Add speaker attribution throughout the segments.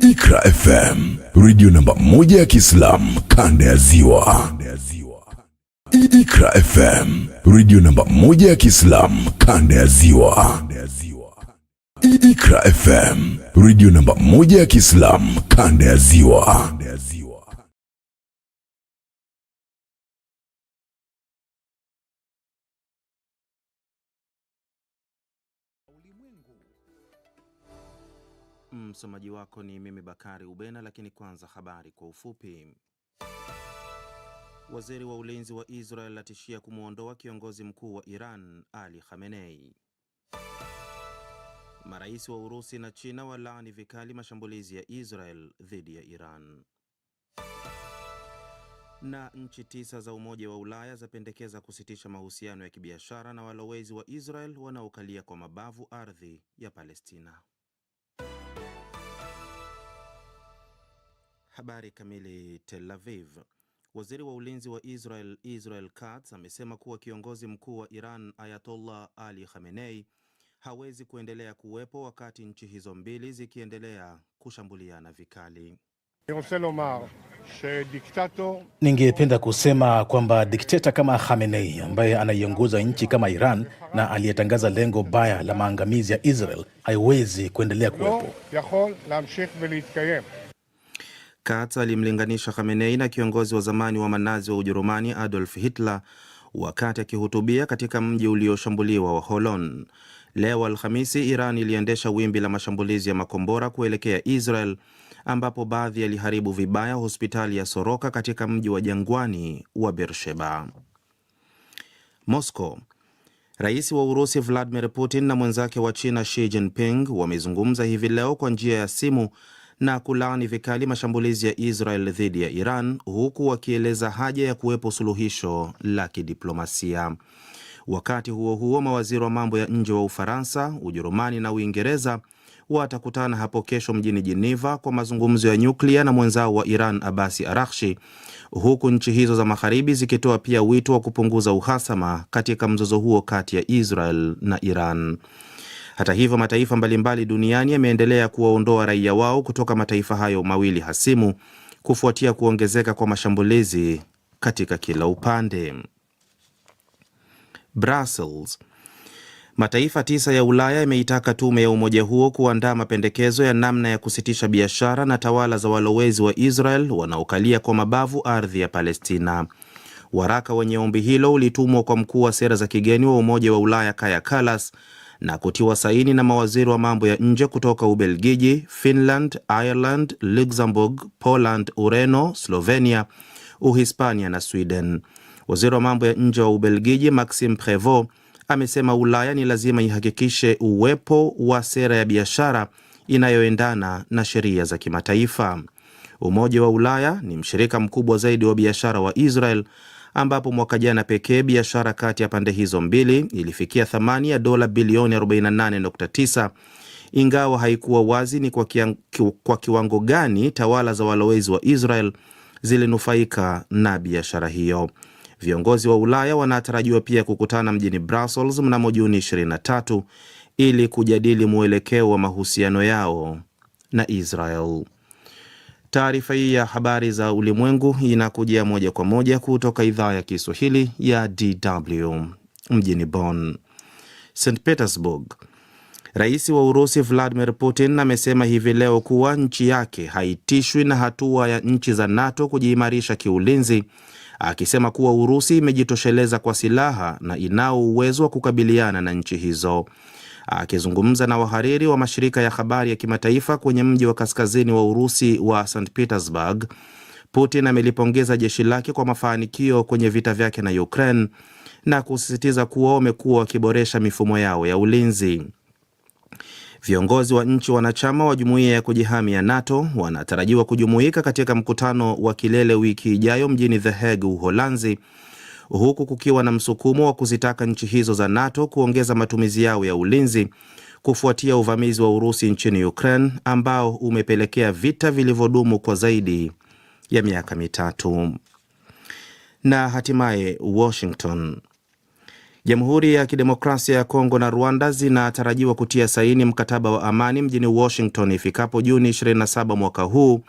Speaker 1: Ikra FM, redio namba moja ya Kiislamu kanda ya Ziwa. Ikra FM, redio namba moja ya Kiislamu kanda ya Ziwa. Ikra FM, redio namba moja ya Kiislamu kanda ya Ziwa.
Speaker 2: Msomaji wako ni mimi Bakari Ubena, lakini kwanza habari kwa ufupi. Waziri wa ulinzi wa Israel atishia kumwondoa kiongozi mkuu wa Iran Ali Khamenei. Marais wa Urusi na China walaani vikali mashambulizi ya Israel dhidi ya Iran. Na nchi tisa za Umoja wa Ulaya zapendekeza kusitisha mahusiano ya kibiashara na walowezi wa Israel wanaokalia kwa mabavu ardhi ya Palestina. Habari kamili. Tel Aviv. Waziri wa ulinzi wa Israel Israel Katz amesema kuwa kiongozi mkuu wa Iran Ayatollah Ali Khamenei hawezi kuendelea kuwepo wakati nchi hizo mbili zikiendelea kushambuliana vikali.
Speaker 3: Ningependa kusema kwamba dikteta kama Khamenei ambaye anaiongoza nchi kama Iran na aliyetangaza lengo baya la maangamizi ya Israel haiwezi kuendelea kuwepo. Kat alimlinganisha Khamenei na kiongozi wa zamani wa manazi wa Ujerumani Adolf Hitler wakati akihutubia katika mji ulioshambuliwa wa Holon. Leo Alhamisi, Iran iliendesha wimbi la mashambulizi ya makombora kuelekea Israel ambapo baadhi yaliharibu vibaya hospitali ya Soroka katika mji wa jangwani wa Beersheba. Moscow. Rais wa Urusi Vladimir Putin na mwenzake wa China Xi Jinping wamezungumza hivi leo kwa njia ya simu na kulaani vikali mashambulizi ya Israel dhidi ya Iran huku wakieleza haja ya kuwepo suluhisho la kidiplomasia. Wakati huo huo, mawaziri wa mambo ya nje wa Ufaransa, Ujerumani na Uingereza watakutana hapo kesho mjini Jeneva kwa mazungumzo ya nyuklia na mwenzao wa Iran Abasi Arakshi, huku nchi hizo za magharibi zikitoa pia wito wa kupunguza uhasama katika mzozo huo kati ya Israel na Iran. Hata hivyo, mataifa mbalimbali duniani yameendelea kuwaondoa raia wao kutoka mataifa hayo mawili hasimu kufuatia kuongezeka kwa mashambulizi katika kila upande. Brussels. Mataifa tisa ya Ulaya yameitaka tume ya umoja huo kuandaa mapendekezo ya namna ya kusitisha biashara na tawala za walowezi wa Israel wanaokalia kwa mabavu ardhi ya Palestina. Waraka wenye ombi hilo ulitumwa kwa mkuu wa sera za kigeni wa Umoja wa Ulaya kaya Kallas na kutiwa saini na mawaziri wa mambo ya nje kutoka Ubelgiji, Finland, Ireland, Luxembourg, Poland, Ureno, Slovenia, Uhispania na Sweden. Waziri wa mambo ya nje wa Ubelgiji Maxime Prevot amesema Ulaya ni lazima ihakikishe uwepo wa sera ya biashara inayoendana na sheria za kimataifa. Umoja wa Ulaya ni mshirika mkubwa zaidi wa biashara wa Israel ambapo mwaka jana pekee biashara kati ya pande hizo mbili ilifikia thamani ya dola bilioni 48.9 ingawa haikuwa wazi ni kwa, kwa kiwango gani tawala za walowezi wa Israel zilinufaika na biashara hiyo. Viongozi wa Ulaya wanatarajiwa pia kukutana mjini Brussels mnamo Juni 23 ili kujadili mwelekeo wa mahusiano yao na Israel. Taarifa hii ya habari za ulimwengu inakujia moja kwa moja kutoka idhaa ya Kiswahili ya DW mjini Bonn. St Petersburg. Rais wa Urusi Vladimir Putin amesema hivi leo kuwa nchi yake haitishwi na hatua ya nchi za NATO kujiimarisha kiulinzi, akisema kuwa Urusi imejitosheleza kwa silaha na inao uwezo wa kukabiliana na nchi hizo. Akizungumza na wahariri wa mashirika ya habari ya kimataifa kwenye mji wa kaskazini wa Urusi wa St Petersburg, Putin amelipongeza jeshi lake kwa mafanikio kwenye vita vyake na Ukraine na kusisitiza kuwa wamekuwa wakiboresha mifumo yao ya ulinzi. Viongozi wa nchi wanachama wa jumuiya ya kujihami ya NATO wanatarajiwa kujumuika katika mkutano wa kilele wiki ijayo mjini The Hague, Uholanzi huku kukiwa na msukumo wa kuzitaka nchi hizo za NATO kuongeza matumizi yao ya ulinzi kufuatia uvamizi wa Urusi nchini Ukraine ambao umepelekea vita vilivyodumu kwa zaidi ya miaka mitatu. Na hatimaye Washington. Jamhuri ya Kidemokrasia ya Kongo na Rwanda zinatarajiwa kutia saini mkataba wa amani mjini Washington ifikapo Juni 27 mwaka huu.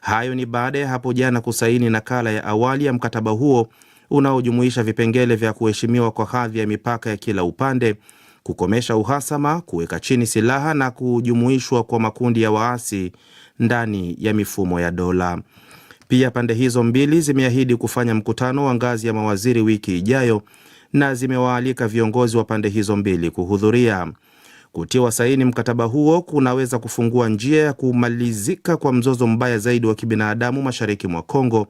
Speaker 3: Hayo ni baada ya hapo jana kusaini nakala ya awali ya mkataba huo unaojumuisha vipengele vya kuheshimiwa kwa hadhi ya mipaka ya kila upande, kukomesha uhasama, kuweka chini silaha na kujumuishwa kwa makundi ya waasi ndani ya mifumo ya dola. Pia pande hizo mbili zimeahidi kufanya mkutano wa ngazi ya mawaziri wiki ijayo na zimewaalika viongozi wa pande hizo mbili kuhudhuria. Kutiwa saini mkataba huo kunaweza kufungua njia ya kumalizika kwa mzozo mbaya zaidi wa kibinadamu mashariki mwa Kongo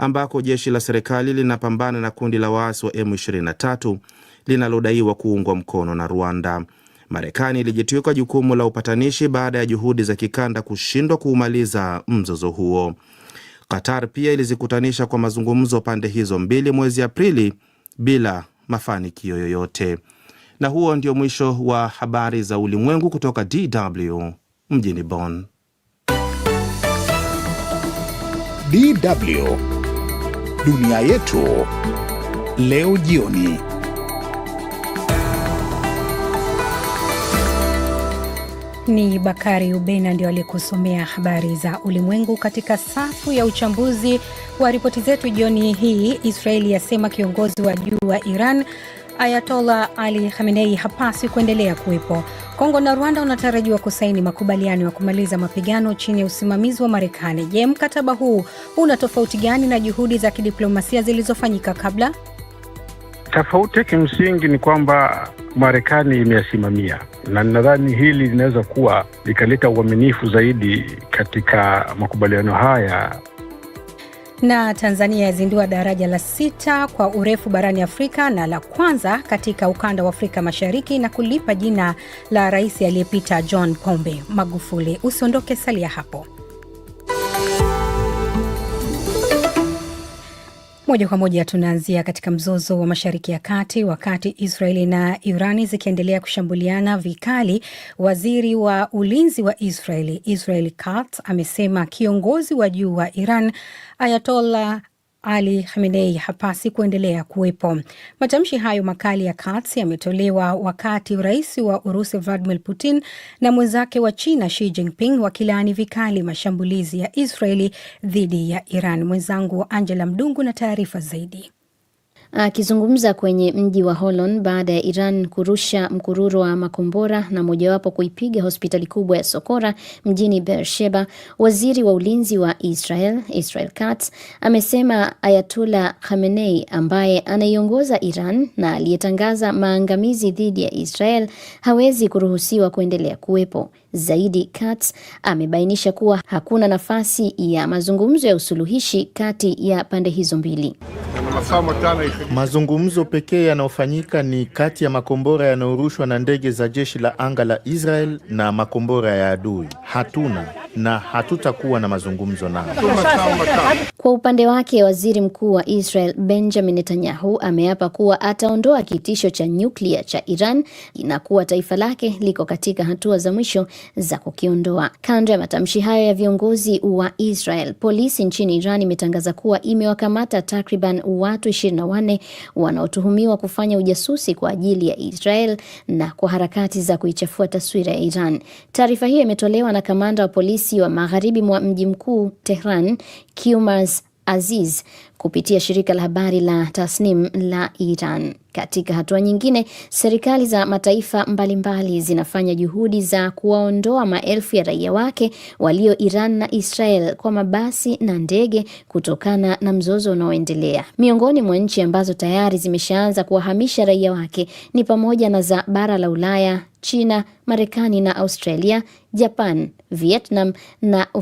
Speaker 3: ambako jeshi la serikali linapambana na kundi la waasi wa M23 linalodaiwa kuungwa mkono na Rwanda. Marekani ilijitwika jukumu la upatanishi baada ya juhudi za kikanda kushindwa kuumaliza mzozo huo. Qatar pia ilizikutanisha kwa mazungumzo pande hizo mbili mwezi Aprili bila mafanikio yoyote. Na huo ndio mwisho wa habari za ulimwengu kutoka DW mjini Bonn.
Speaker 1: DW Dunia Yetu leo jioni.
Speaker 4: Ni Bakari Ubena ndio aliyekusomea habari za ulimwengu katika safu ya uchambuzi wa ripoti zetu jioni hii. Israeli yasema kiongozi wa juu wa Iran ayatola Ali Khamenei hapaswi kuendelea kuwepo. Kongo na Rwanda unatarajiwa kusaini makubaliano ya kumaliza mapigano chini ya usimamizi wa Marekani. Je, mkataba huu una tofauti gani na juhudi za kidiplomasia zilizofanyika kabla?
Speaker 5: Tofauti ya kimsingi ni kwamba Marekani imeyasimamia na nadhani hili linaweza kuwa likaleta uaminifu zaidi katika makubaliano haya
Speaker 4: na Tanzania yazindua daraja la sita kwa urefu barani Afrika na la kwanza katika ukanda wa Afrika Mashariki na kulipa jina la rais aliyepita John Pombe Magufuli. Usiondoke, salia hapo. Moja kwa moja tunaanzia katika mzozo wa Mashariki ya Kati. Wakati Israeli na Irani zikiendelea kushambuliana vikali, waziri wa ulinzi wa Israeli Israel Katz amesema kiongozi wa juu wa Iran Ayatollah ali Khamenei hapasi kuendelea kuwepo. Matamshi hayo makali ya Katz yametolewa wakati rais wa Urusi Vladimir Putin na mwenzake wa China Xi Jinping wakilaani vikali mashambulizi ya Israeli dhidi ya Iran. Mwenzangu Angela Mdungu na taarifa zaidi.
Speaker 6: Akizungumza kwenye mji wa Holon baada ya Iran kurusha mkururo wa makombora na mojawapo kuipiga hospitali kubwa ya Sokora mjini Beersheba, waziri wa ulinzi wa Israel Israel Katz amesema Ayatullah Khamenei ambaye anaiongoza Iran na aliyetangaza maangamizi dhidi ya Israel hawezi kuruhusiwa kuendelea kuwepo zaidi, Katz amebainisha kuwa hakuna nafasi ya mazungumzo ya usuluhishi kati ya pande hizo mbili.
Speaker 7: Mazungumzo pekee yanayofanyika ni kati ya makombora yanayorushwa na ndege za jeshi la anga la Israel na makombora ya adui. Hatuna na hatutakuwa na mazungumzo nao.
Speaker 6: Kwa upande wake, waziri mkuu wa Israel Benjamin Netanyahu ameapa kuwa ataondoa kitisho cha nyuklia cha Iran na kuwa taifa lake liko katika hatua za mwisho za kukiondoa. Kando ya matamshi hayo ya viongozi wa Israel, polisi nchini Iran imetangaza kuwa imewakamata takriban watu 24 wanaotuhumiwa kufanya ujasusi kwa ajili ya Israel na kwa harakati za kuichafua taswira ya Iran. Taarifa hiyo imetolewa na kamanda wa polisi kisiwa magharibi mwa mji mkuu Tehran, Kiumas Aziz kupitia shirika la habari la Tasnim la Iran. Katika hatua nyingine, serikali za mataifa mbalimbali mbali zinafanya juhudi za kuwaondoa maelfu ya raia wake walio Iran na Israel kwa mabasi na ndege kutokana na mzozo unaoendelea. Miongoni mwa nchi ambazo tayari zimeshaanza kuwahamisha raia wake ni pamoja na za bara la Ulaya, China, Marekani na Australia, Japan, Vietnam na u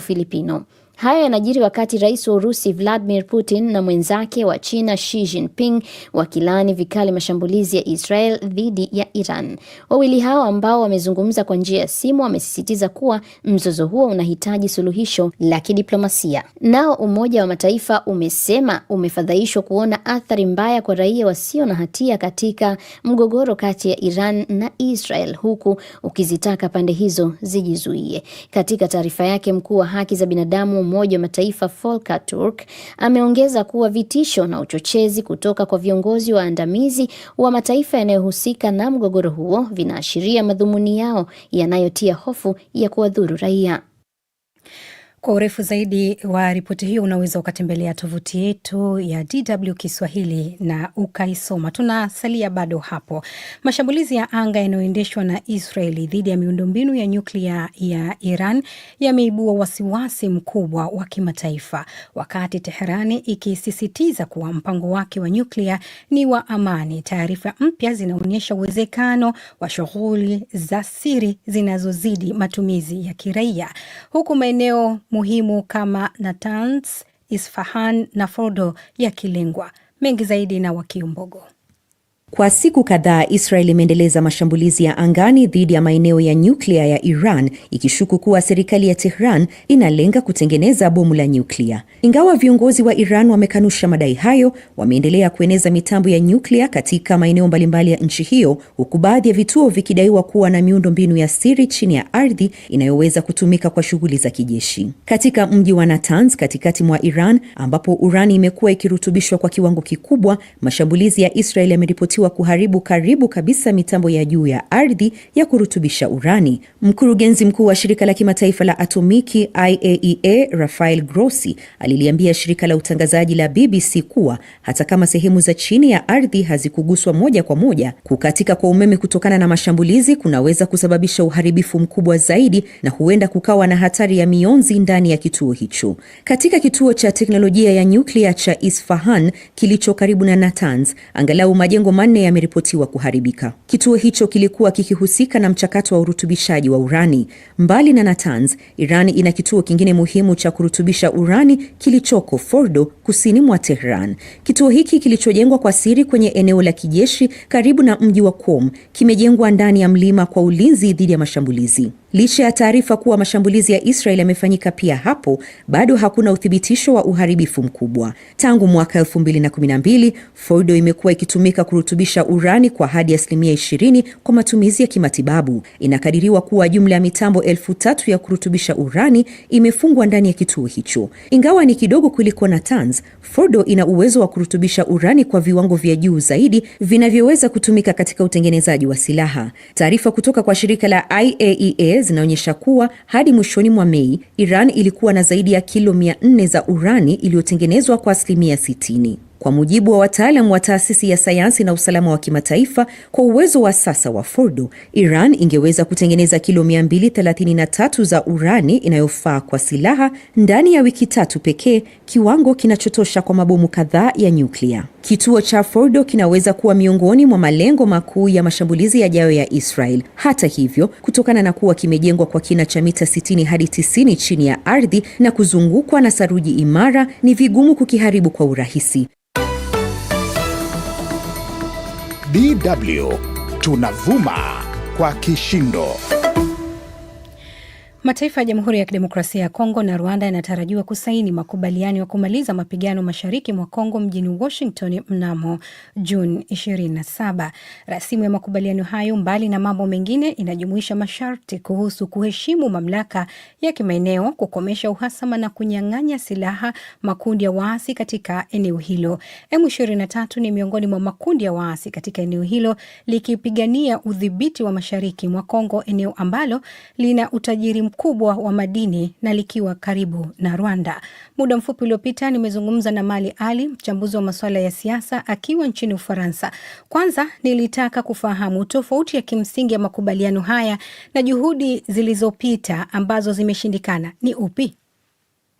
Speaker 6: Hayo yanajiri wakati rais wa Urusi Vladimir Putin na mwenzake wa China Xi Jinping wakilaani vikali mashambulizi ya Israel dhidi ya Iran. Wawili hao ambao wamezungumza kwa njia ya simu wamesisitiza kuwa mzozo huo unahitaji suluhisho la kidiplomasia. Nao Umoja wa Mataifa umesema umefadhaishwa kuona athari mbaya kwa raia wasio na hatia katika mgogoro kati ya Iran na Israel, huku ukizitaka pande hizo zijizuie. Katika taarifa yake, mkuu wa haki za binadamu Umoja wa Mataifa Volker Turk ameongeza kuwa vitisho na uchochezi kutoka kwa viongozi waandamizi wa mataifa yanayohusika na mgogoro huo vinaashiria madhumuni yao yanayotia hofu ya kuwadhuru raia.
Speaker 4: Kwa urefu zaidi wa ripoti hiyo unaweza ukatembelea tovuti yetu ya DW Kiswahili na ukaisoma. Tunasalia bado hapo. Mashambulizi ya anga yanayoendeshwa na Israeli dhidi ya miundombinu ya nyuklia ya Iran yameibua wasiwasi mkubwa wa kimataifa, wakati Teherani ikisisitiza kuwa mpango wake wa nyuklia ni wa amani. Taarifa mpya zinaonyesha uwezekano wa shughuli za siri zinazozidi matumizi ya kiraia, huku maeneo muhimu kama Natanz, Isfahan na Fordo yakilengwa. Mengi zaidi na Wakiumbogo.
Speaker 6: Kwa siku kadhaa Israel imeendeleza mashambulizi ya angani dhidi ya maeneo ya nyuklia ya Iran ikishuku kuwa serikali ya Tehran inalenga kutengeneza bomu la nyuklia. Ingawa viongozi wa Iran wamekanusha madai hayo, wameendelea kueneza mitambo ya nyuklia katika maeneo mbalimbali ya nchi hiyo, huku baadhi ya vituo vikidaiwa kuwa na miundo mbinu ya siri chini ya ardhi inayoweza kutumika kwa shughuli za kijeshi. Katika mji wa Natanz katikati mwa Iran, ambapo urani imekuwa ikirutubishwa kwa kiwango kikubwa, mashambulizi ya Israel wakati wa kuharibu karibu kabisa mitambo ya juu ya ardhi ya kurutubisha urani. Mkurugenzi mkuu wa shirika la kimataifa la atomiki IAEA e Rafael Grossi aliliambia shirika la utangazaji la BBC kuwa hata kama sehemu za chini ya ardhi hazikuguswa moja kwa moja, kukatika kwa umeme kutokana na mashambulizi kunaweza kusababisha uharibifu mkubwa zaidi na huenda kukawa na hatari ya mionzi ndani ya kituo hicho. Katika kituo cha teknolojia ya nyuklia cha Isfahan kilicho karibu na Natanz, angalau majengo manne yameripotiwa kuharibika. Kituo hicho kilikuwa kikihusika na mchakato wa urutubishaji wa urani. Mbali na Natanz, Irani ina kituo kingine muhimu cha kurutubisha urani kilichoko Fordo, kusini mwa Tehran. Kituo hiki kilichojengwa kwa siri kwenye eneo la kijeshi karibu na mji wa Qom kimejengwa ndani ya mlima kwa ulinzi dhidi ya mashambulizi. Licha ya taarifa kuwa mashambulizi ya Israel yamefanyika pia hapo, bado hakuna uthibitisho wa uharibifu mkubwa. Tangu mwaka 2012 Fordo imekuwa ikitumika kurutubisha urani kwa hadi asilimia 20 kwa matumizi ya kimatibabu. Inakadiriwa kuwa jumla ya mitambo elfu tatu ya kurutubisha urani imefungwa ndani ya kituo hicho. Ingawa ni kidogo kuliko Natanz, Fordo ina uwezo wa kurutubisha urani kwa viwango vya juu zaidi vinavyoweza kutumika katika utengenezaji wa silaha. Taarifa kutoka kwa shirika la IAEA e zinaonyesha kuwa hadi mwishoni mwa Mei, Iran ilikuwa na zaidi ya kilo 400 za urani iliyotengenezwa kwa asilimia 60. Kwa mujibu wa wataalam wa taasisi ya sayansi na usalama wa kimataifa, kwa uwezo wa sasa wa Fordo, Iran ingeweza kutengeneza kilo 233 za urani inayofaa kwa silaha ndani ya wiki tatu pekee, kiwango kinachotosha kwa mabomu kadhaa ya nyuklia. Kituo cha Fordo kinaweza kuwa miongoni mwa malengo makuu ya mashambulizi yajayo ya Israel. Hata hivyo, kutokana na kuwa kimejengwa kwa kina cha mita 60 hadi 90 chini ya ardhi na kuzungukwa na saruji imara, ni vigumu kukiharibu kwa urahisi.
Speaker 1: DW tunavuma kwa kishindo.
Speaker 4: Mataifa ya Jamhuri ya Kidemokrasia ya Kongo na Rwanda yanatarajiwa kusaini makubaliano ya kumaliza mapigano mashariki mwa Kongo mjini Washington mnamo Juni 27. Rasimu ya makubaliano hayo, mbali na mambo mengine, inajumuisha masharti kuhusu kuheshimu mamlaka ya kimaeneo, kukomesha uhasama na kunyang'anya silaha makundi ya waasi katika eneo hilo. M23 ni miongoni mwa makundi ya waasi katika eneo hilo, likipigania udhibiti wa mashariki mwa Kongo, eneo ambalo lina utajiri mkubwa wa madini na likiwa karibu na Rwanda. Muda mfupi uliopita nimezungumza na Mali Ali, mchambuzi wa masuala ya siasa akiwa nchini Ufaransa. Kwanza nilitaka kufahamu tofauti ya kimsingi ya makubaliano haya na juhudi zilizopita ambazo zimeshindikana ni upi?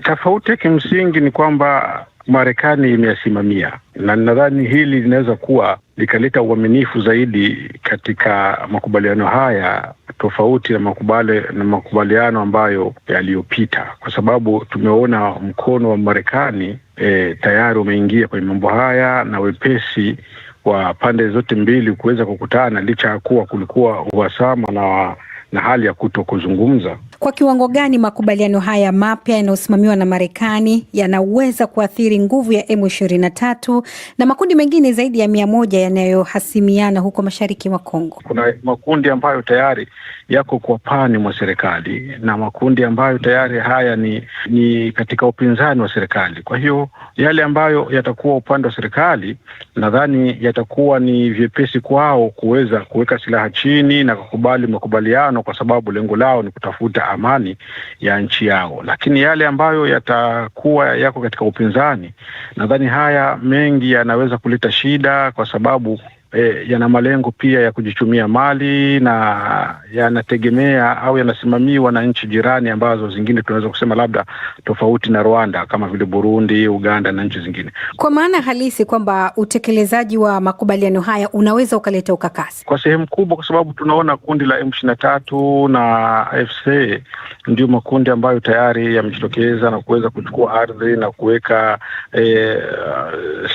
Speaker 5: Tofauti ya kimsingi ni kwamba Marekani imeyasimamia, na nadhani hili linaweza kuwa likaleta uaminifu zaidi katika makubaliano haya tofauti na makubale, na makubaliano ambayo yaliyopita, kwa sababu tumeona mkono wa Marekani e, tayari umeingia kwenye mambo haya na wepesi wa pande zote mbili kuweza kukutana licha ya kuwa kulikuwa uhasama na, na hali ya kuto kuzungumza.
Speaker 4: Kwa kiwango gani makubaliano haya mapya yanayosimamiwa na Marekani yanaweza kuathiri nguvu ya M23 na makundi mengine zaidi ya mia moja yanayohasimiana huko mashariki mwa Kongo?
Speaker 5: Kuna makundi ambayo tayari yako kwa pani mwa serikali na makundi ambayo tayari haya ni, ni katika upinzani wa serikali. Kwa hiyo yale ambayo yatakuwa upande wa serikali, nadhani yatakuwa ni vyepesi kwao kuweza kuweka silaha chini na kukubali makubaliano, kwa sababu lengo lao ni kutafuta amani ya nchi yao. Lakini yale ambayo yatakuwa yako katika upinzani, nadhani haya mengi yanaweza kuleta shida, kwa sababu e, yana malengo pia ya kujichumia mali na yanategemea au yanasimamiwa na nchi jirani ambazo zingine tunaweza kusema labda tofauti na Rwanda kama vile Burundi, Uganda na nchi zingine.
Speaker 4: Kwa maana halisi kwamba utekelezaji wa makubaliano haya unaweza ukaleta ukakasi
Speaker 5: kwa sehemu kubwa, kwa sababu tunaona kundi la M23 na AFC ndio makundi ambayo tayari yamejitokeza na kuweza kuchukua ardhi na kuweka e,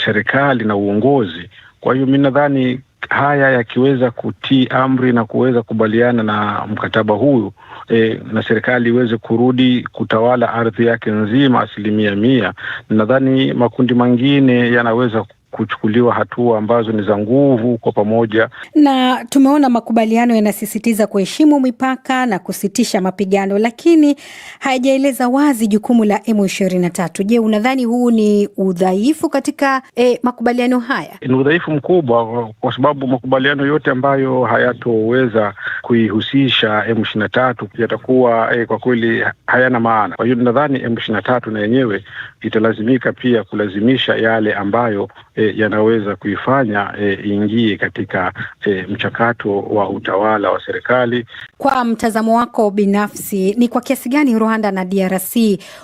Speaker 5: serikali na uongozi kwa hiyo mi nadhani haya yakiweza kutii amri na kuweza kubaliana na mkataba huyu e, na serikali iweze kurudi kutawala ardhi yake nzima asilimia mia, nadhani makundi mengine yanaweza kuchukuliwa hatua ambazo ni za nguvu kwa pamoja.
Speaker 4: Na tumeona makubaliano yanasisitiza kuheshimu mipaka na kusitisha mapigano, lakini hayajaeleza wazi jukumu la M23. Je, unadhani huu ni udhaifu katika eh, makubaliano haya?
Speaker 5: Ni udhaifu mkubwa kwa sababu makubaliano yote ambayo hayatoweza kuihusisha M23 yatakuwa eh, kwa kweli hayana maana. Kwa hiyo nadhani M23 na yenyewe italazimika pia kulazimisha yale ambayo e, yanaweza kuifanya e, ingie katika e, mchakato wa utawala wa serikali.
Speaker 4: Kwa mtazamo wako binafsi, ni kwa kiasi gani Rwanda na DRC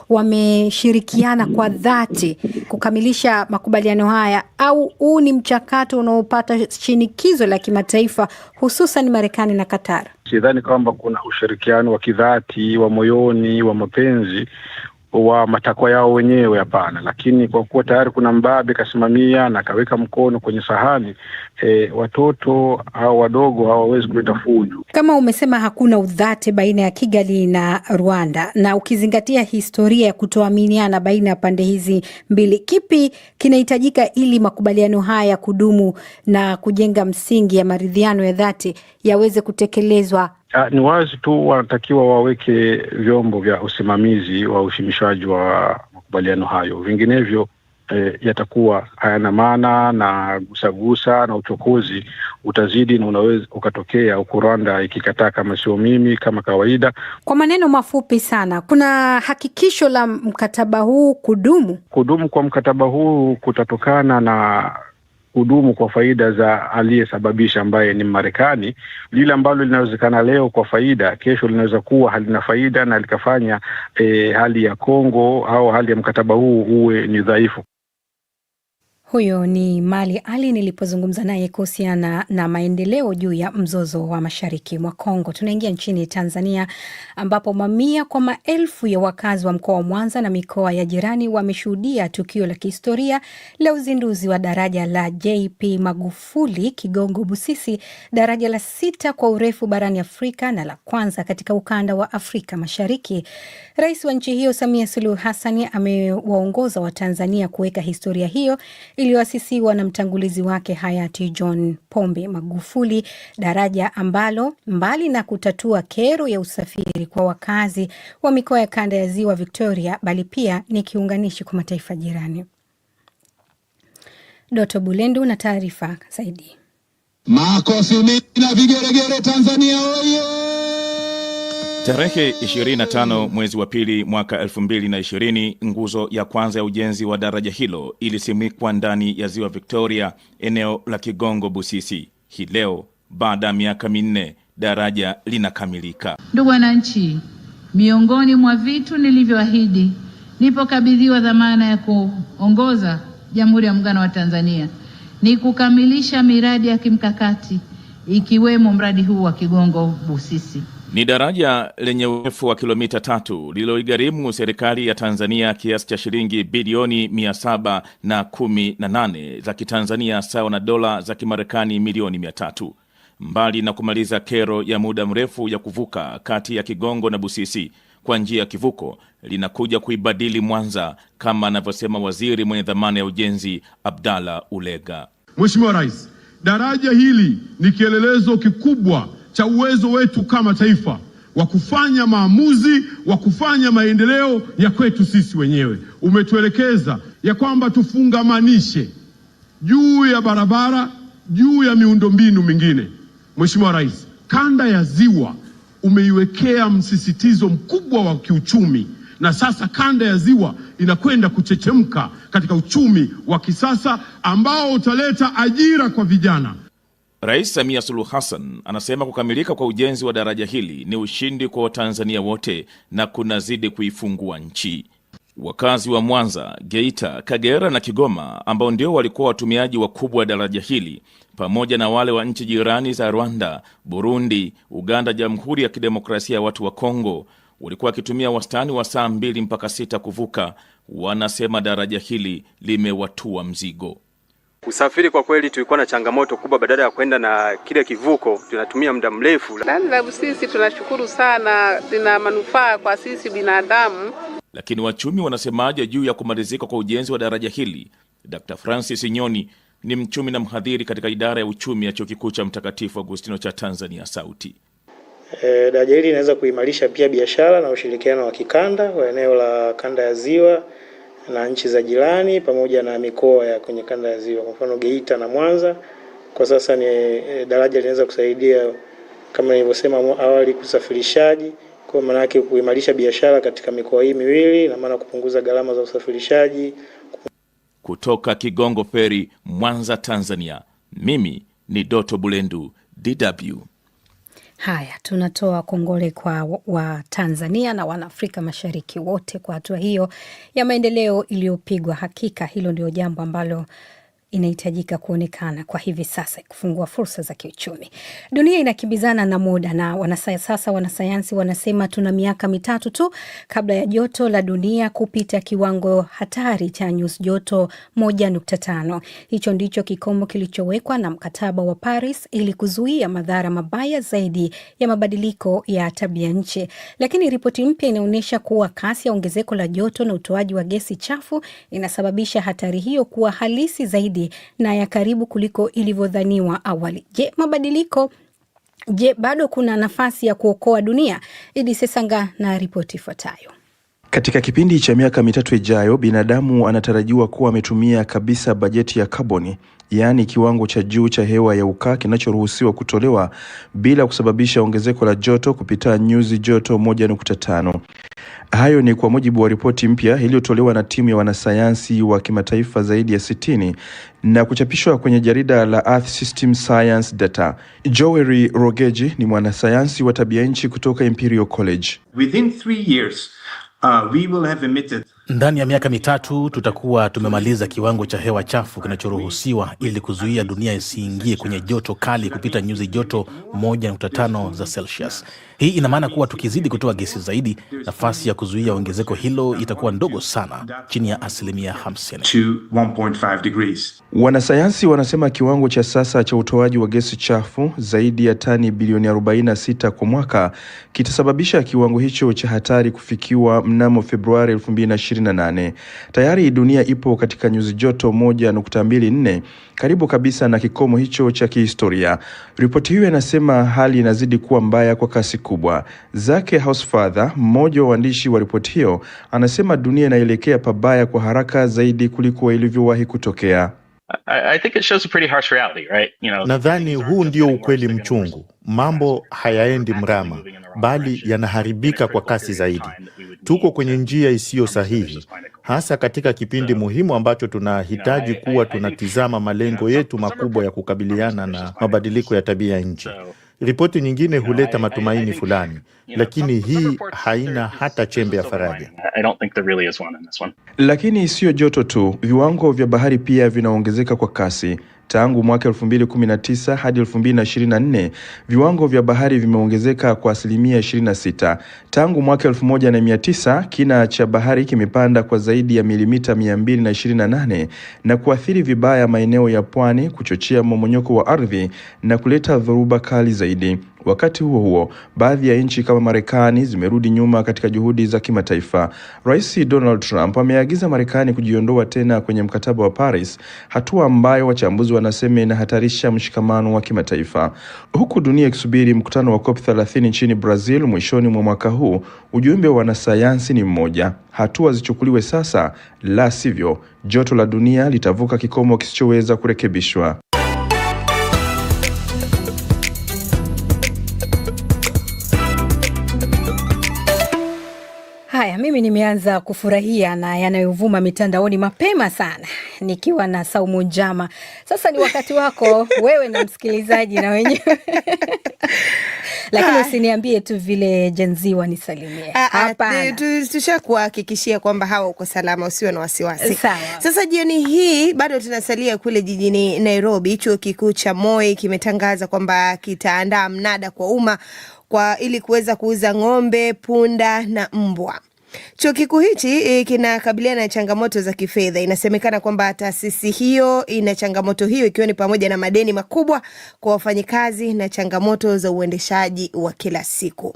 Speaker 4: wameshirikiana kwa dhati kukamilisha makubaliano haya, au huu ni mchakato unaopata shinikizo la kimataifa hususan Marekani na Qatar?
Speaker 5: Sidhani kwamba kuna ushirikiano wa kidhati wa moyoni wa mapenzi wa matakwa yao wenyewe, hapana. Lakini kwa kuwa tayari kuna mbabe kasimamia na akaweka mkono kwenye sahani e, watoto au wadogo hawawezi kuleta fujo.
Speaker 4: Kama umesema, hakuna udhate baina ya Kigali na Rwanda, na ukizingatia historia ya kutoaminiana baina ya pande hizi mbili, kipi kinahitajika ili makubaliano haya ya kudumu na kujenga msingi ya maridhiano ya dhati yaweze kutekelezwa
Speaker 5: A, ah, ni wazi tu wanatakiwa waweke vyombo vya usimamizi wa uheshimishaji wa makubaliano hayo, vinginevyo e, yatakuwa hayana maana na gusagusa na uchokozi utazidi na unaweza ukatokea huku Rwanda ikikataa kama sio mimi kama kawaida.
Speaker 4: Kwa maneno mafupi sana, kuna hakikisho la mkataba huu kudumu?
Speaker 5: Kudumu kwa mkataba huu kutatokana na kudumu kwa faida za aliyesababisha ambaye ni Marekani. Lile ambalo linawezekana leo kwa faida, kesho linaweza kuwa halina faida na likafanya e, hali ya Kongo au hali ya mkataba huu uwe ni dhaifu.
Speaker 4: Huyo ni Mali Ali nilipozungumza naye kuhusiana na maendeleo juu ya mzozo wa mashariki mwa Kongo. Tunaingia nchini Tanzania ambapo mamia kwa maelfu ya wakazi wa mkoa wa Mwanza na mikoa ya jirani wameshuhudia tukio la kihistoria la uzinduzi wa daraja la JP Magufuli Kigongo Busisi, daraja la sita kwa urefu barani Afrika na la kwanza katika ukanda wa Afrika Mashariki. Rais wa nchi hiyo Samia Suluhu Hassan amewaongoza Watanzania kuweka historia hiyo iliyoasisiwa na mtangulizi wake hayati John Pombe Magufuli, daraja ambalo mbali na kutatua kero ya usafiri kwa wakazi wa mikoa ya kanda ya Ziwa Victoria, bali pia ni kiunganishi kwa mataifa jirani. Doto Bulendu na taarifa zaidi.
Speaker 8: Makofi na vigeregere Tanzania oye!
Speaker 9: Tarehe 25 mwezi wa pili mwaka 2020, nguzo ya kwanza ya ujenzi wa daraja hilo ilisimikwa ndani ya ziwa Victoria, eneo la Kigongo Busisi. Hii leo baada ya miaka minne daraja linakamilika.
Speaker 10: Ndugu wananchi, miongoni mwa vitu nilivyoahidi nipokabidhiwa dhamana ya kuongoza Jamhuri ya Muungano wa Tanzania ni kukamilisha miradi ya kimkakati ikiwemo mradi huu wa Kigongo Busisi.
Speaker 9: Ni daraja lenye urefu wa kilomita tatu lililoigharimu serikali ya Tanzania kiasi cha shilingi bilioni mia saba na kumi na nane za Kitanzania sawa na dola za Kimarekani milioni mia tatu. Mbali na kumaliza kero ya muda mrefu ya kuvuka kati ya Kigongo na Busisi kwa njia ya kivuko, linakuja kuibadili Mwanza kama anavyosema waziri mwenye dhamana ya ujenzi Abdalla Ulega.
Speaker 11: Mheshimiwa Rais, daraja hili ni kielelezo kikubwa cha uwezo wetu kama taifa wa kufanya maamuzi wa kufanya maendeleo ya kwetu sisi wenyewe. Umetuelekeza ya kwamba tufungamanishe juu ya barabara, juu ya miundombinu mingine. Mheshimiwa Rais, kanda ya Ziwa umeiwekea msisitizo mkubwa wa kiuchumi, na sasa kanda ya Ziwa inakwenda kuchechemka katika uchumi wa kisasa ambao utaleta ajira kwa vijana.
Speaker 9: Rais Samia Suluhu Hassan anasema kukamilika kwa ujenzi wa daraja hili ni ushindi kwa Watanzania wote na kunazidi kuifungua nchi. Wakazi wa Mwanza, Geita, Kagera na Kigoma ambao ndio walikuwa watumiaji wakubwa wa daraja hili pamoja na wale wa nchi jirani za Rwanda, Burundi, Uganda, Jamhuri ya Kidemokrasia ya Watu wa Kongo walikuwa wakitumia wastani wa saa mbili mpaka sita kuvuka, wanasema daraja hili limewatua mzigo.
Speaker 12: Usafiri kwa kweli tulikuwa na changamoto kubwa, badala ya kwenda na kile kivuko tunatumia muda mrefu.
Speaker 13: Zanzibar sisi tunashukuru sana, zina manufaa kwa sisi binadamu.
Speaker 9: Lakini wachumi wanasemaje juu ya kumalizika kwa ujenzi wa daraja hili? Dr. Francis Nyoni ni mchumi na mhadhiri katika idara ya uchumi ya Chuo Kikuu cha Mtakatifu Agustino cha Tanzania Sauti.
Speaker 14: E, daraja hili linaweza kuimarisha pia biashara na ushirikiano wa kikanda wa eneo la kanda ya Ziwa na nchi za jirani pamoja na mikoa ya kwenye kanda ya Ziwa, kwa mfano Geita na Mwanza. Kwa sasa ni e, daraja linaweza kusaidia kama nilivyosema awali, kusafirishaji kwa maana yake kuimarisha biashara katika mikoa hii miwili, na maana kupunguza gharama za usafirishaji.
Speaker 9: Kutoka Kigongo feri Mwanza, Tanzania, mimi ni Doto Bulendu, DW.
Speaker 4: Haya, tunatoa kongole kwa Watanzania na Wanaafrika Mashariki wote kwa hatua hiyo ya maendeleo iliyopigwa. Hakika hilo ndio jambo ambalo inahitajika kuonekana kwa hivi sasa kufungua fursa za kiuchumi. Dunia inakimbizana na muda na wanasasa, sasa wanasayansi wanasema tuna miaka mitatu tu kabla ya joto la dunia kupita kiwango hatari cha nyuzi joto 1.5. Hicho ndicho kikomo kilichowekwa na mkataba wa Paris ili kuzuia madhara mabaya zaidi ya mabadiliko ya tabia nchi, lakini ripoti mpya inaonyesha kuwa kasi ya ongezeko la joto na utoaji wa gesi chafu inasababisha hatari hiyo kuwa halisi zaidi zaidi na ya karibu kuliko ilivyodhaniwa awali. Je, mabadiliko Je, bado kuna nafasi ya kuokoa dunia? Idi Sesanga na ripoti ifuatayo.
Speaker 15: Katika kipindi cha miaka mitatu ijayo, binadamu anatarajiwa kuwa ametumia kabisa bajeti ya kaboni, yaani kiwango cha juu cha hewa ya ukaa kinachoruhusiwa kutolewa bila kusababisha ongezeko la joto kupita nyuzi joto 1.5. Hayo ni kwa mujibu wa ripoti mpya iliyotolewa na timu ya wanasayansi wa kimataifa zaidi ya 60 na kuchapishwa kwenye jarida la Earth System Science Data. Jowery Rogeji ni mwanasayansi wa tabia nchi kutoka Imperial College.
Speaker 16: Within three years Uh, we will have emitted.
Speaker 17: Ndani ya miaka mitatu tutakuwa tumemaliza kiwango cha hewa chafu kinachoruhusiwa ili kuzuia dunia isiingie kwenye joto kali kupita nyuzi joto 1.5 za Celsius. Hii ina maana kuwa tukizidi kutoa gesi zaidi, nafasi ya kuzuia ongezeko hilo itakuwa ndogo sana, chini ya asilimia
Speaker 18: 50.
Speaker 15: Wanasayansi wanasema kiwango cha sasa cha utoaji wa gesi chafu zaidi ya tani bilioni 46 kwa mwaka kitasababisha kiwango hicho cha hatari kufikiwa mnamo Februari 2028. Tayari dunia ipo katika nyuzi joto 1.24 karibu kabisa na kikomo hicho cha kihistoria. Ripoti hiyo inasema hali inazidi kuwa mbaya kwa kasi kubwa. Zake housefather mmoja wa waandishi wa ripoti hiyo, anasema dunia inaelekea pabaya kwa haraka zaidi kuliko ilivyowahi kutokea
Speaker 19: nadhani huu ndio ukweli mchungu. Mambo hayaendi mrama, bali yanaharibika kwa kasi zaidi. Tuko kwenye njia isiyo sahihi, hasa katika kipindi muhimu ambacho tunahitaji kuwa tunatizama malengo yetu makubwa ya kukabiliana na mabadiliko ya tabia ya nchi. Ripoti nyingine huleta matumaini fulani, lakini hii haina hata chembe ya faraja. Lakini siyo joto tu, viwango vya bahari pia vinaongezeka kwa kasi. Tangu mwaka 2019 hadi 2024 viwango vya bahari vimeongezeka kwa asilimia 26. Tangu mwaka 1900 kina cha bahari kimepanda kwa zaidi ya milimita 228 na kuathiri vibaya maeneo ya pwani, kuchochea mmomonyoko wa ardhi na kuleta dhoruba kali zaidi. Wakati huo huo, baadhi ya nchi kama Marekani zimerudi nyuma katika juhudi za kimataifa. Rais Donald Trump ameagiza Marekani kujiondoa tena kwenye mkataba wa Paris, hatua ambayo wachambuzi wanasema inahatarisha mshikamano wa kimataifa. Huku dunia ikisubiri mkutano wa COP 30 nchini Brazil mwishoni mwa mwaka huu, ujumbe wa wanasayansi ni mmoja: hatua zichukuliwe sasa, la sivyo joto la dunia litavuka kikomo kisichoweza kurekebishwa.
Speaker 4: mimi nimeanza kufurahia na yanayovuma mitandaoni mapema sana, nikiwa na saumu njama. Sasa ni wakati wako wewe na msikilizaji na wenyewe lakini ah. usiniambie tu vile jenzi wanisalimie,
Speaker 20: ah, ah, tusha kuhakikishia kwamba hawa uko salama, usiwe na wasiwasi. Sasa jioni hii bado tunasalia kule jijini Nairobi. Chuo kikuu cha Moi kimetangaza kwamba kitaandaa mnada kwa umma kwa ili kuweza kuuza ng'ombe, punda na mbwa. Chuo kikuu hichi eh, kinakabiliana na changamoto za kifedha. Inasemekana kwamba taasisi hiyo ina changamoto hiyo, ikiwa ni pamoja na madeni makubwa kwa wafanyikazi na changamoto za uendeshaji wa kila siku.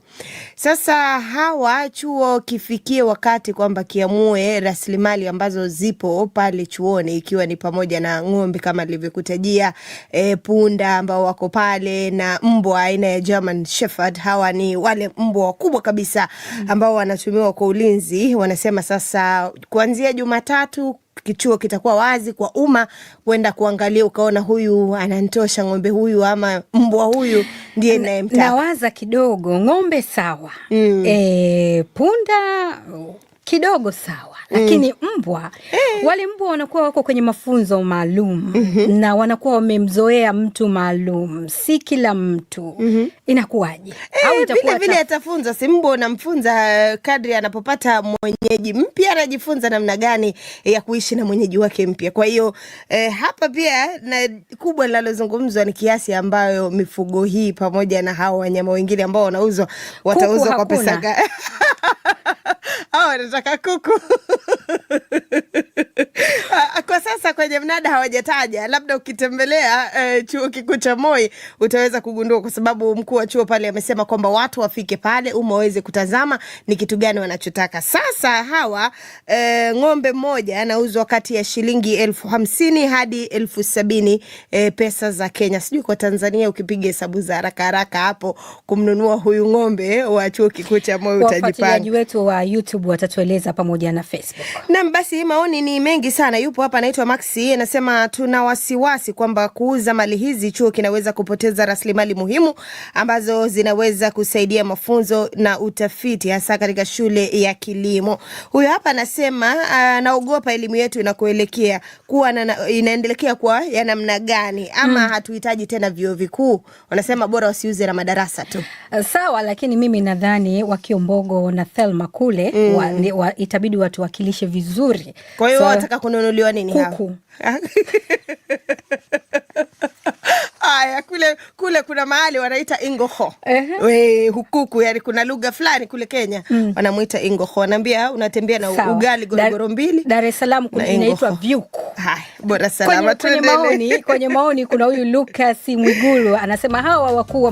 Speaker 20: Sasa hawa chuo kifikie wakati kwamba kiamue rasilimali ambazo zipo pale chuoni, ikiwa ni pamoja na ng'ombe kama nilivyokutajia, e, punda ambao wako pale na mbwa aina ya German Shepherd. Hawa ni wale mbwa wakubwa kabisa mm. ambao wanatumiwa kwa ulinzi wanasema sasa kuanzia Jumatatu kichuo kitakuwa wazi kwa umma kwenda kuangalia, ukaona huyu anantosha, ng'ombe huyu ama mbwa huyu ndiye nayemtaka.
Speaker 21: Nawaza kidogo, ng'ombe sawa, mm. E, punda kidogo sawa, lakini mm. mbwa eh. Wale mbwa wanakuwa wako kwenye mafunzo maalum mm -hmm. na wanakuwa wamemzoea mtu maalum, si kila mtu mm -hmm. inakuwaje?
Speaker 20: Eh, au itakuwa vile atafunza, si mbwa unamfunza eh, kadri anapopata mwenyeji mpya, anajifunza namna gani ya kuishi na mwenyeji wake mpya. Kwa hiyo eh, hapa pia na kubwa linalozungumzwa ni kiasi ambayo mifugo hii pamoja na hao wanyama wengine ambao wanauzwa
Speaker 21: watauzwa kwa pesa gani?
Speaker 20: au wanataka kuku ah, kwa sasa kwenye mnada hawajataja, labda ukitembelea eh, chuo kikuu cha Moi utaweza kugundua, kwa sababu mkuu wa chuo pale amesema kwamba watu wafike pale uma waweze kutazama ni kitu gani wanachotaka. Sasa hawa eh, ng'ombe mmoja anauzwa kati ya shilingi elfu hamsini hadi elfu sabini eh, pesa za Kenya. Sijui kwa Tanzania, ukipiga hesabu za haraka haraka hapo kumnunua huyu ng'ombe wa chuo kikuu cha Moi utajipanga. Wafuatiliaji
Speaker 4: wetu wa YouTube YouTube watatueleza pamoja na Facebook.
Speaker 20: Naam, basi maoni ni mengi sana. Yupo hapa anaitwa Maxi anasema tuna wasiwasi kwamba kuuza mali hizi chuo kinaweza kupoteza rasilimali muhimu ambazo zinaweza kusaidia mafunzo na utafiti hasa katika shule ya kilimo. Huyo hapa anasema anaogopa ah, elimu yetu inakoelekea kuwa na, inaendelekea kuwa ya namna gani ama hmm, hatuhitaji tena vyuo vikuu. Wanasema bora wasiuze na madarasa tu.
Speaker 21: Sawa, lakini mimi nadhani wakiombogo na Thelma kule mm mm. wa, eh. ne, wa, itabidi watuwakilishe vizuri.
Speaker 20: Kwa hiyo so, wataka kununuliwa nini kuku? Aya, kule kule kuna mahali wanaita ingoho we hukuku, yani kuna lugha fulani kule Kenya mm. wanamwita ingoho, wanaambia unatembea na Sao. ugali
Speaker 4: gorogoro mbili.
Speaker 20: Dar es Salaam kuna inaitwa vyuku. Hai, bora salama.
Speaker 21: Kwenye, kwenye maoni, kwenye maoni kuna huyu Lucas Mwigulu anasema hawa wakuu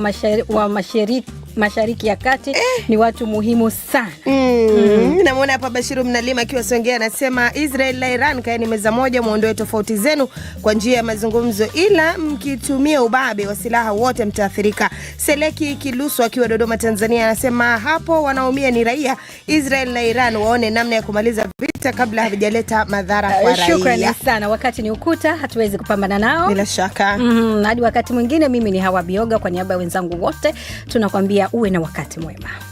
Speaker 21: wa mashariki Mashariki ya Kati eh, ni watu muhimu sana
Speaker 20: mm. Mm. Namwona hapa Bashiru Mnalima akiwa Songea anasema Israel na Iran, kaeni meza moja, mwondoe tofauti zenu kwa njia ya mazungumzo, ila mkitumia ubabe wa silaha wote mtaathirika. Seleki Kilusu akiwa Dodoma, Tanzania anasema hapo wanaumia ni raia. Israel na Iran waone namna ya kumaliza vita kabla havijaleta madhara eh, kwa raia. Shukrani
Speaker 4: sana, wakati ni ukuta, hatuwezi kupambana nao
Speaker 20: bila shaka.
Speaker 4: Mm, hadi wakati mwingine. Mimi ni Hawa Bioga, kwa niaba ya wenzangu wote tunakwambia pia uwe na wakati mwema.